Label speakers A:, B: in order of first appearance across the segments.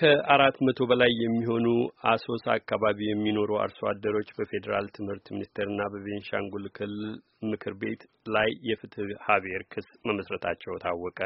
A: ከአራት መቶ በላይ የሚሆኑ አሶሳ አካባቢ የሚኖሩ አርሶ አደሮች በፌዴራል ትምህርት ሚኒስቴርና በቤንሻንጉል ክልል ምክር ቤት ላይ የፍትህ ሀቤር ክስ መመስረታቸው ታወቀ።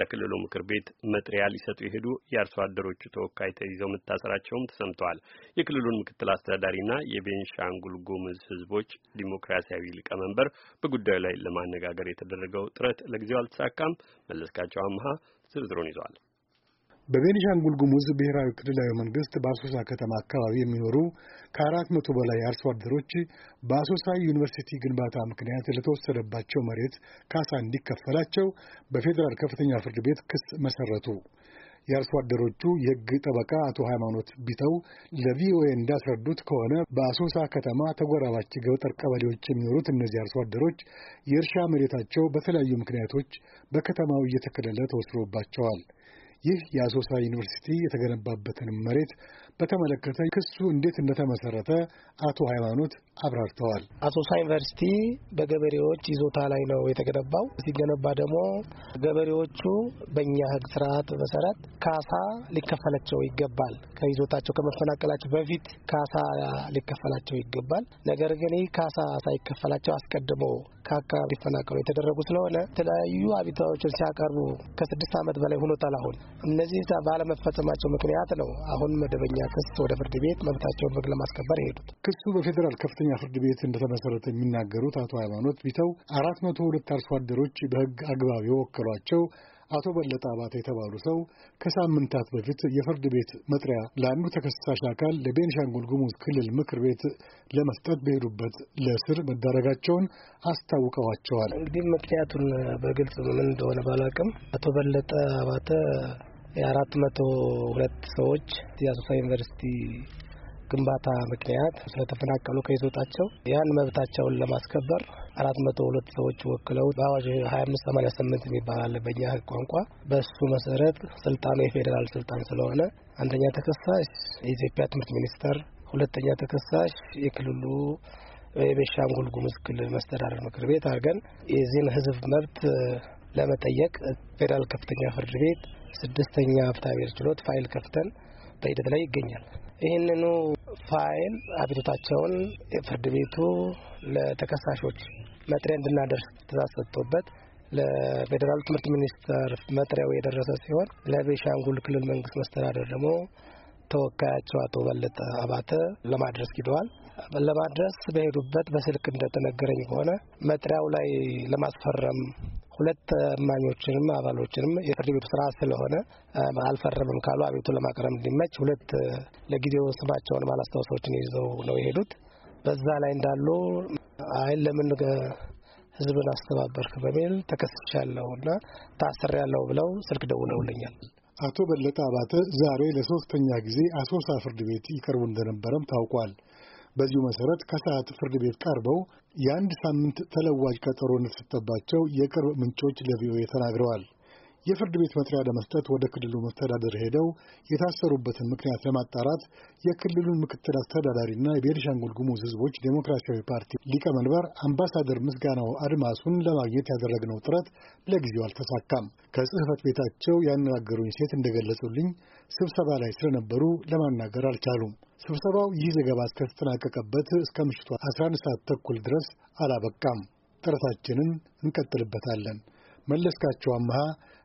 A: ለክልሉ ምክር ቤት መጥሪያ ሊሰጡ የሄዱ የአርሶ አደሮቹ ተወካይ ተይዘው መታሰራቸውም ተሰምተዋል። የክልሉን ምክትል አስተዳዳሪና የቤንሻንጉል ጉሙዝ ህዝቦች ዲሞክራሲያዊ ሊቀመንበር በጉዳዩ ላይ ለማነጋገር የተደረገው ጥረት ለጊዜው አልተሳካም። መለስካቸው አምሃ ዝርዝሩን ይዟል።
B: በቤኒሻንጉል ጉሙዝ ብሔራዊ ክልላዊ መንግስት በአሶሳ ከተማ አካባቢ የሚኖሩ ከአራት መቶ በላይ አርሶ አደሮች በአሶሳ ዩኒቨርሲቲ ግንባታ ምክንያት ለተወሰደባቸው መሬት ካሳ እንዲከፈላቸው በፌዴራል ከፍተኛ ፍርድ ቤት ክስ መሰረቱ። የአርሶ አደሮቹ የህግ ጠበቃ አቶ ሃይማኖት ቢተው ለቪኦኤ እንዳስረዱት ከሆነ በአሶሳ ከተማ ተጎራባች ገጠር ቀበሌዎች የሚኖሩት እነዚህ አርሶ አደሮች የእርሻ መሬታቸው በተለያዩ ምክንያቶች በከተማው እየተከለለ ተወስዶባቸዋል። ይህ የአሶሳ ዩኒቨርሲቲ የተገነባበትን መሬት በተመለከተ ክሱ እንዴት እንደተመሰረተ አቶ ሃይማኖት አብራርተዋል። አሶሳ ዩኒቨርሲቲ በገበሬዎች ይዞታ ላይ ነው የተገነባው። ሲገነባ ደግሞ ገበሬዎቹ
C: በእኛ ሕግ ስርዓት መሰረት ካሳ ሊከፈላቸው ይገባል። ከይዞታቸው ከመፈናቀላቸው በፊት ካሳ ሊከፈላቸው ይገባል። ነገር ግን ይህ ካሳ ሳይከፈላቸው አስቀድሞ ከአካባቢ ተፈናቀሉ የተደረጉ ስለሆነ የተለያዩ አቤቱታዎችን ሲያቀርቡ ከስድስት ዓመት በላይ ሆኖታል። አሁን እነዚህ ባለመፈጸማቸው ምክንያት ነው አሁን መደበኛ ክስ
B: ወደ ፍርድ ቤት መብታቸውን በግ ለማስከበር የሄዱት። ክሱ በፌዴራል ከፍተኛ ፍርድ ቤት እንደተመሰረተ የሚናገሩት አቶ ሃይማኖት ቢተው አራት መቶ ሁለት አርሶ አደሮች በህግ አግባብ የወከሏቸው አቶ በለጠ አባተ የተባሉ ሰው ከሳምንታት በፊት የፍርድ ቤት መጥሪያ ለአንዱ ተከሳሽ አካል ለቤንሻንጉል ጉሙዝ ክልል ምክር ቤት ለመስጠት በሄዱበት ለእስር መዳረጋቸውን አስታውቀዋቸዋል። እንዲህ ምክንያቱን በግልጽ ምን እንደሆነ ባላቅም አቶ
C: በለጠ አባተ የአራት መቶ ሁለት ሰዎች የአሶሳ ዩኒቨርሲቲ ግንባታ ምክንያት ስለተፈናቀሉ ከይዞታቸው ያን መብታቸውን ለማስከበር አራት መቶ ሁለት ሰዎች ወክለው በአዋጅ ሀያ አምስት ሰማኒያ ስምንት የሚባል አለ በእኛ ህግ ቋንቋ። በሱ መሰረት ስልጣኑ የፌዴራል ስልጣን ስለሆነ አንደኛ ተከሳሽ የኢትዮጵያ ትምህርት ሚኒስቴር፣ ሁለተኛ ተከሳሽ የክልሉ የቤንሻንጉል ጉሙዝ ክልል መስተዳደር ምክር ቤት አድርገን የዚህን ህዝብ መብት ለመጠየቅ ፌዴራል ከፍተኛ ፍርድ ቤት ስድስተኛ ፍትሐ ችሎት ፋይል ከፍተን በሂደት ላይ ይገኛል። ይህንኑ ፋይል አቤቱታቸውን ፍርድ ቤቱ ለተከሳሾች መጥሪያ እንድናደርስ ትእዛዝ ሰጥቶበት ለፌዴራሉ ትምህርት ሚኒስቴር መጥሪያው የደረሰ ሲሆን ለቤሻንጉል ክልል መንግስት መስተዳደር ደግሞ ተወካያቸው አቶ በለጠ አባተ ለማድረስ ሂደዋል። ለማድረስ በሄዱበት በስልክ እንደተነገረኝ ከሆነ መጥሪያው ላይ ለማስፈረም ሁለት እማኞችንም አባሎችንም የፍርድ ቤቱ ስራ ስለሆነ አልፈረምም ካሉ አቤቱ ለማቅረብ እንዲመች ሁለት ለጊዜው ስማቸውን ማላስታወሶችን ይዘው ነው የሄዱት። በዛ ላይ እንዳሉ አይ ለምን ህዝብን አስተባበርክ በሚል ተከስቻለሁ እና ታስሬያለሁ ብለው ስልክ ደውለውልኛል።
B: አቶ በለጠ አባተ ዛሬ ለሶስተኛ ጊዜ አሶሳ ፍርድ ቤት ይቀርቡ እንደነበረም ታውቋል። በዚሁ መሰረት ከሰዓት ፍርድ ቤት ቀርበው የአንድ ሳምንት ተለዋጅ ቀጠሮ እንደተሰጠባቸው የቅርብ ምንጮች ለቪኦኤ ተናግረዋል። የፍርድ ቤት መጥሪያ ለመስጠት ወደ ክልሉ መስተዳድር ሄደው የታሰሩበትን ምክንያት ለማጣራት የክልሉን ምክትል አስተዳዳሪና የቤኒሻንጉል ጉሙዝ ህዝቦች ዴሞክራሲያዊ ፓርቲ ሊቀመንበር አምባሳደር ምስጋናው አድማሱን ለማግኘት ያደረግነው ጥረት ለጊዜው አልተሳካም። ከጽህፈት ቤታቸው ያነጋገሩኝ ሴት እንደገለጹልኝ ስብሰባ ላይ ስለነበሩ ለማናገር አልቻሉም። ስብሰባው ይህ ዘገባ እስከተጠናቀቀበት እስከ ምሽቱ 11 ሰዓት ተኩል ድረስ አላበቃም። ጥረታችንን እንቀጥልበታለን። መለስካቸው አመሃ